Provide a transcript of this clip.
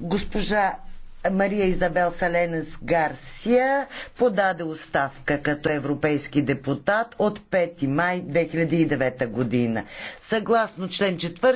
Госпожа Мария Изабел Саленес Гарсия подаде оставка като европейски депутат от 5 май 2009 година. Съгласно член 4